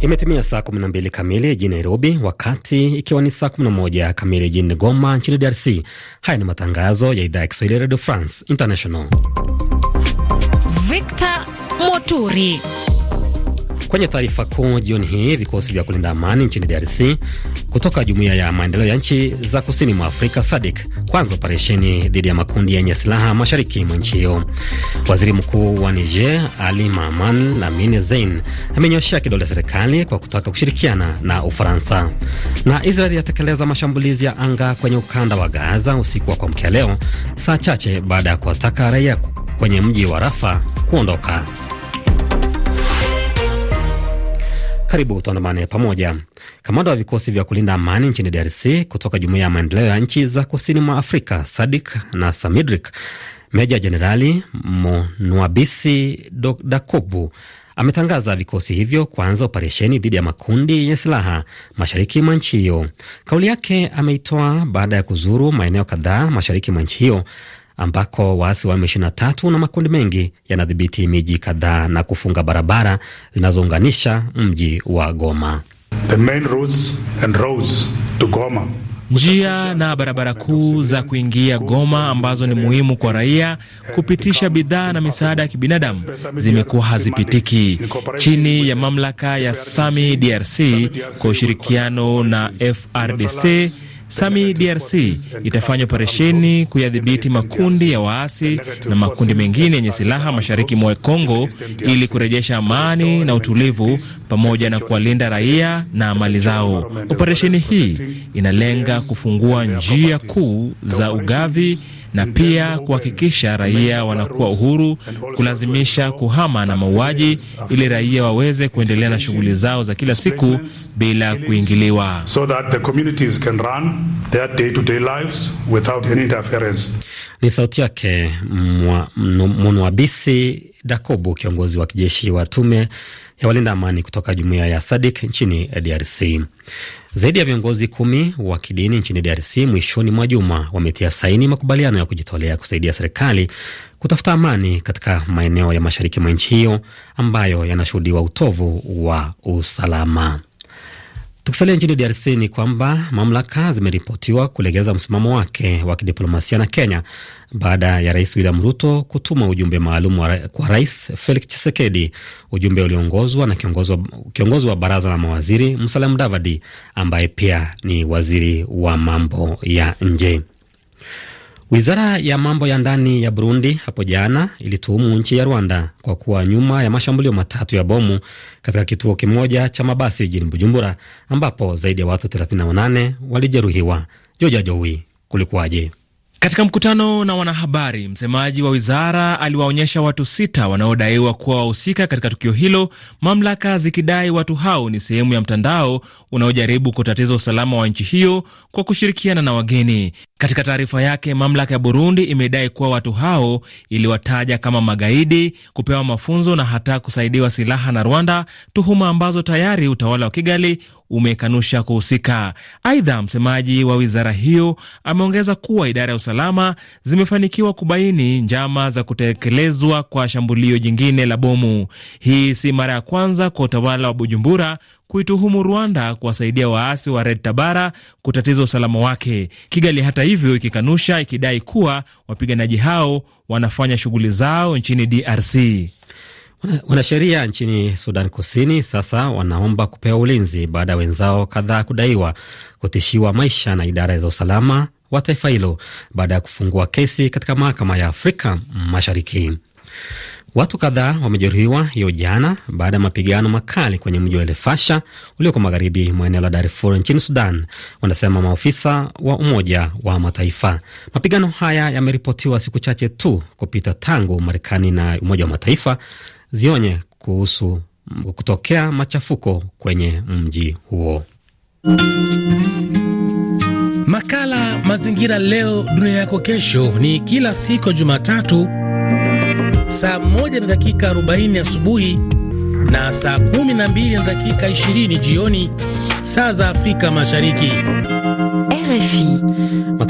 Imetimia saa 12 kamili jijini Nairobi, wakati ikiwa ni saa 11 kamili jijini Goma nchini DRC. Haya ni matangazo ya idhaa ya Kiswahili ya Radio France International. Victor Moturi Kwenye taarifa kuu jioni hii, vikosi vya kulinda amani nchini DRC kutoka jumuiya ya maendeleo ya nchi za kusini mwa Afrika SADC kwanza operesheni dhidi ya makundi yenye silaha mashariki mwa nchi hiyo. Waziri mkuu wa Niger Ali maman Lamine Zein amenyoshea kidole serikali kwa kutaka kushirikiana na Ufaransa. Na Israel yatekeleza mashambulizi ya anga kwenye ukanda wa Gaza usiku wa kuamkia leo, saa chache baada ya kuwataka raia kwenye mji wa Rafa kuondoka. Karibu tuandamane pamoja. Kamanda wa vikosi vya kulinda amani nchini DRC kutoka Jumuiya ya Maendeleo ya Nchi za Kusini mwa Afrika SADIK na SAMIDRIK, Meja Jenerali monuabisi Dakobu ametangaza vikosi hivyo kuanza operesheni dhidi ya makundi yenye silaha mashariki mwa nchi hiyo. Kauli yake ameitoa baada ya kuzuru maeneo kadhaa mashariki mwa nchi hiyo ambako waasi wa M23 na makundi mengi yanadhibiti miji kadhaa na kufunga barabara zinazounganisha mji wa Goma. The main roads and roads to Goma. Njia na barabara kuu za kuingia Goma ambazo ni muhimu kwa raia kupitisha bidhaa na misaada ya kibinadamu zimekuwa hazipitiki. Chini ya mamlaka ya Sami DRC kwa ushirikiano na FRDC Sami DRC itafanya operesheni kuyadhibiti makundi ya waasi na makundi mengine yenye silaha mashariki mwa Kongo ili kurejesha amani na utulivu pamoja na kuwalinda raia na mali zao. Operesheni hii inalenga kufungua njia kuu za ugavi na pia kuhakikisha raia wanakuwa uhuru kulazimisha kuhama na mauaji, ili raia waweze kuendelea na shughuli zao za kila siku bila kuingiliwa. Ni sauti yake Munwabisi Dakobu, kiongozi wa kijeshi wa tume ya walinda amani kutoka jumuiya ya SADIK nchini DRC. Zaidi ya viongozi kumi wa kidini nchini DRC mwishoni mwa juma wametia saini makubaliano ya kujitolea kusaidia serikali kutafuta amani katika maeneo ya mashariki mwa nchi hiyo ambayo yanashuhudiwa utovu wa usalama. Tukisalia nchini DRC ni kwamba mamlaka zimeripotiwa kulegeza msimamo wake wa kidiplomasia na Kenya baada ya rais William Ruto kutuma ujumbe maalum kwa rais Felix Chisekedi, ujumbe ulioongozwa na kiongozi wa baraza la mawaziri Musalia Mudavadi ambaye pia ni waziri wa mambo ya nje. Wizara ya mambo ya ndani ya Burundi hapo jana ilituhumu nchi ya Rwanda kwa kuwa nyuma ya mashambulio matatu ya bomu katika kituo kimoja cha mabasi jijini Bujumbura, ambapo zaidi ya watu 38 walijeruhiwa. Jojajowi, kulikuwaje? Katika mkutano na wanahabari, msemaji wa wizara aliwaonyesha watu sita wanaodaiwa kuwa wahusika katika tukio hilo, mamlaka zikidai watu hao ni sehemu ya mtandao unaojaribu kutatiza usalama wa nchi hiyo kwa kushirikiana na wageni. Katika taarifa yake, mamlaka ya Burundi imedai kuwa watu hao iliwataja kama magaidi, kupewa mafunzo na hata kusaidiwa silaha na Rwanda, tuhuma ambazo tayari utawala wa Kigali umekanusha kuhusika. Aidha, msemaji wa wizara hiyo ameongeza kuwa idara ya usalama zimefanikiwa kubaini njama za kutekelezwa kwa shambulio jingine la bomu. Hii si mara ya kwanza kwa utawala wa Bujumbura kuituhumu Rwanda kuwasaidia waasi wa Red Tabara kutatiza usalama wake. Kigali hata hivyo ikikanusha, ikidai kuwa wapiganaji hao wanafanya shughuli zao nchini DRC. Wanasheria nchini Sudan Kusini sasa wanaomba kupewa ulinzi baada ya wenzao kadhaa kudaiwa kutishiwa maisha na idara za usalama wa taifa hilo baada ya kufungua kesi katika mahakama ya Afrika Mashariki. Watu kadhaa wamejeruhiwa hiyo jana baada ya mapigano makali kwenye mji wa Elefasha ulioko magharibi mwa eneo la Darfur nchini Sudan, wanasema maofisa wa Umoja wa Mataifa. Mapigano haya yameripotiwa siku chache tu kupita tangu Marekani na Umoja wa Mataifa zionye kuhusu kutokea machafuko kwenye mji huo. Makala Mazingira Leo Dunia Yako Kesho ni kila siku ya Jumatatu saa 1 na dakika 40 asubuhi na saa 12 na dakika 20 jioni saa za Afrika Mashariki. RFI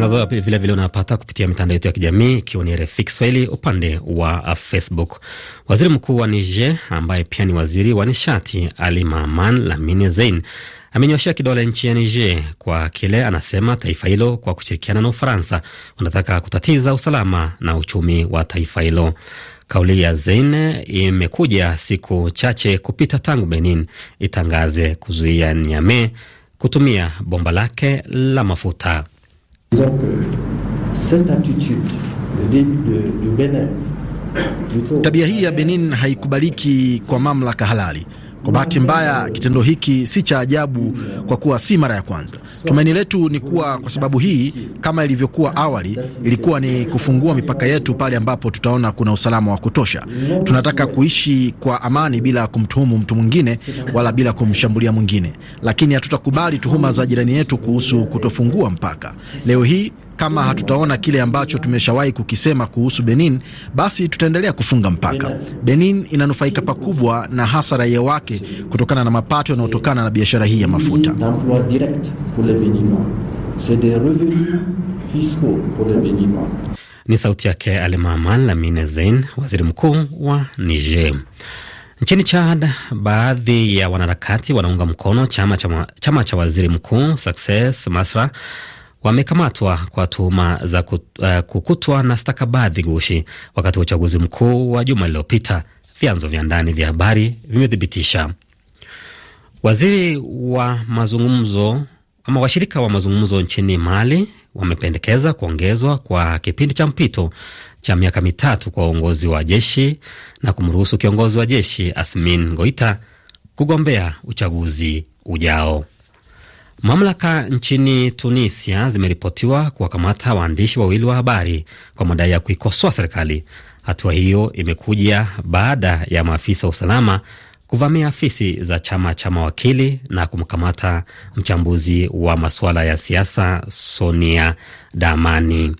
matangazo hayo vile vile unapata kupitia mitandao yetu ya kijamii ikiwa ni RFI Kiswahili upande wa Facebook. Waziri mkuu wa Niger ambaye pia ni waziri wa nishati Ali Maman Lamine Zein amenyoshea kidole nchi ya Niger kwa kile anasema taifa hilo kwa kushirikiana na Ufaransa wanataka kutatiza usalama na uchumi wa taifa hilo. Kauli ya Zein imekuja siku chache kupita tangu Benin itangaze kuzuia Niamey kutumia bomba lake la mafuta. Disons que cette attitude de, de, de Bénin, Tabia hii ya Benin haikubaliki kwa mamlaka halali. Kwa bahati mbaya, kitendo hiki si cha ajabu kwa kuwa si mara ya kwanza. Tumaini letu ni kuwa kwa sababu hii, kama ilivyokuwa awali, ilikuwa ni kufungua mipaka yetu pale ambapo tutaona kuna usalama wa kutosha. Tunataka kuishi kwa amani bila kumtuhumu mtu mwingine wala bila kumshambulia mwingine, lakini hatutakubali tuhuma za jirani yetu kuhusu kutofungua mpaka. Leo hii kama hatutaona kile ambacho tumeshawahi kukisema kuhusu Benin, basi tutaendelea kufunga mpaka. Benin inanufaika pakubwa na hasa raia wake kutokana na mapato yanayotokana na biashara hii ya mafuta. Ni sauti yake Alimaman Lamine Zein, waziri mkuu wa Niger. Nchini Chad, baadhi ya wanaharakati wanaunga mkono chama, chama, chama cha waziri mkuu Success Masra wamekamatwa kwa tuhuma za eh, kukutwa na stakabadhi gushi wakati wa uchaguzi mkuu wa juma lililopita, vyanzo vya ndani vya habari vimethibitisha. Waziri wa mazungumzo ama washirika wa mazungumzo nchini Mali wamependekeza kuongezwa kwa kipindi cha mpito cha miaka mitatu kwa uongozi wa jeshi na kumruhusu kiongozi wa jeshi Asmin Goita kugombea uchaguzi ujao. Mamlaka nchini Tunisia zimeripotiwa kuwakamata waandishi wawili wa habari kwa madai ya kuikosoa serikali. Hatua hiyo imekuja baada ya maafisa wa usalama kuvamia afisi za chama cha mawakili na kumkamata mchambuzi wa masuala ya siasa Sonia Damani.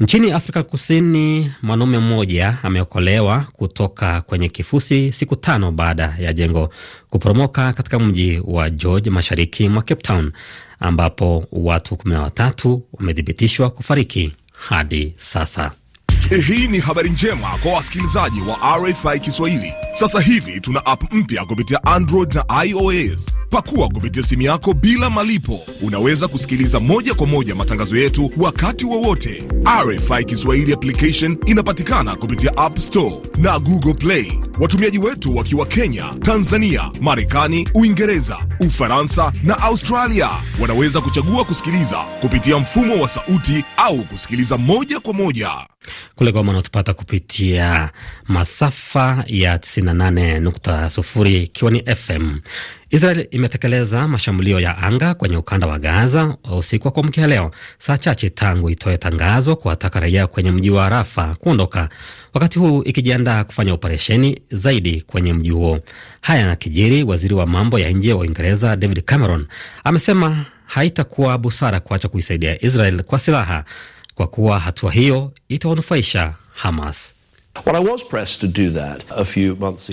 Nchini Afrika Kusini, mwanaume mmoja ameokolewa kutoka kwenye kifusi siku tano baada ya jengo kuporomoka katika mji wa George, mashariki mwa Cape Town, ambapo watu kumi na watatu wamethibitishwa kufariki hadi sasa. Hii ni habari njema kwa wasikilizaji wa RFI Kiswahili. Sasa hivi tuna app mpya kupitia Android na iOS Pakua kupitia simu yako bila malipo. Unaweza kusikiliza moja kwa moja matangazo yetu wakati wowote. Wa RFI Kiswahili application inapatikana kupitia App Store na Google Play. Watumiaji wetu wakiwa Kenya, Tanzania, Marekani, Uingereza, Ufaransa na Australia wanaweza kuchagua kusikiliza kupitia mfumo wa sauti au kusikiliza moja kwa moja kule kwa mnatupata kupitia masafa ya 98.0 ikiwa ni FM. Israel imetekeleza mashambulio ya anga kwenye ukanda wa Gaza usiku wa kuamkia leo, saa chache tangu itoe tangazo kuwataka raia kwenye mji wa Rafa kuondoka, wakati huu ikijiandaa kufanya operesheni zaidi kwenye mji huo. Haya yanakijiri, waziri wa mambo ya nje wa Uingereza David Cameron amesema haitakuwa busara kuacha kuisaidia Israel kwa silaha, kwa kuwa hatua hiyo itawanufaisha Hamas.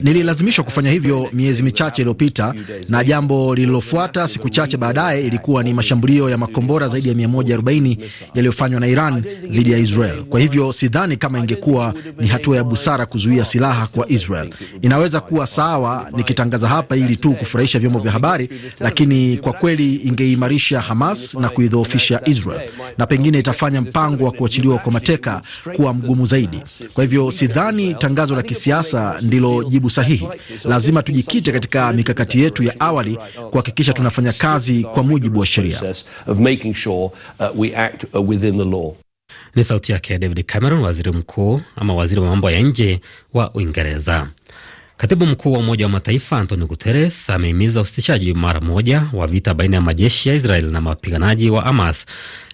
Nililazimishwa kufanya hivyo miezi michache iliyopita, na jambo lililofuata siku chache baadaye ilikuwa ni mashambulio ya makombora zaidi ya 140 yaliyofanywa na Iran dhidi ya Israel. Kwa hivyo sidhani kama ingekuwa ni hatua ya busara kuzuia silaha kwa Israel. Inaweza kuwa sawa nikitangaza hapa ili tu kufurahisha vyombo vya habari, lakini kwa kweli ingeimarisha Hamas na kuidhoofisha Israel, na pengine itafanya mpango wa kuachiliwa kwa mateka kuwa mgumu zaidi. Kwa hivyo sidhani Sidhani tangazo la kisiasa ndilo jibu sahihi. Lazima tujikite katika mikakati yetu ya awali kuhakikisha tunafanya kazi kwa mujibu wa sheria. Uh, uh, Ni sauti yake David Cameron, waziri mkuu ama waziri wa mambo ya nje wa Uingereza. Katibu mkuu wa Umoja wa Mataifa Antonio Guterres amehimiza usitishaji mara moja wa vita baina ya majeshi ya Israel na wapiganaji wa Hamas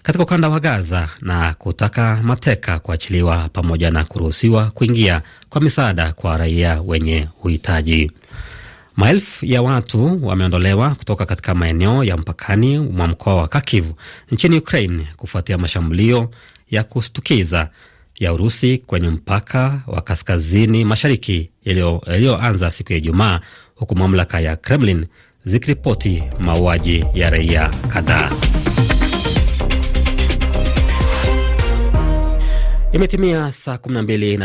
katika ukanda wa Gaza na kutaka mateka kuachiliwa pamoja na kuruhusiwa kuingia kwa misaada kwa raia wenye uhitaji. Maelfu ya watu wameondolewa kutoka katika maeneo ya mpakani mwa mkoa wa Kharkiv nchini Ukraine kufuatia mashambulio ya kushtukiza ya Urusi kwenye mpaka wa kaskazini mashariki yaliyoanza siku ya Ijumaa, huku mamlaka ya Kremlin zikiripoti mauaji ya raia kadhaa. Imetimia saa 12.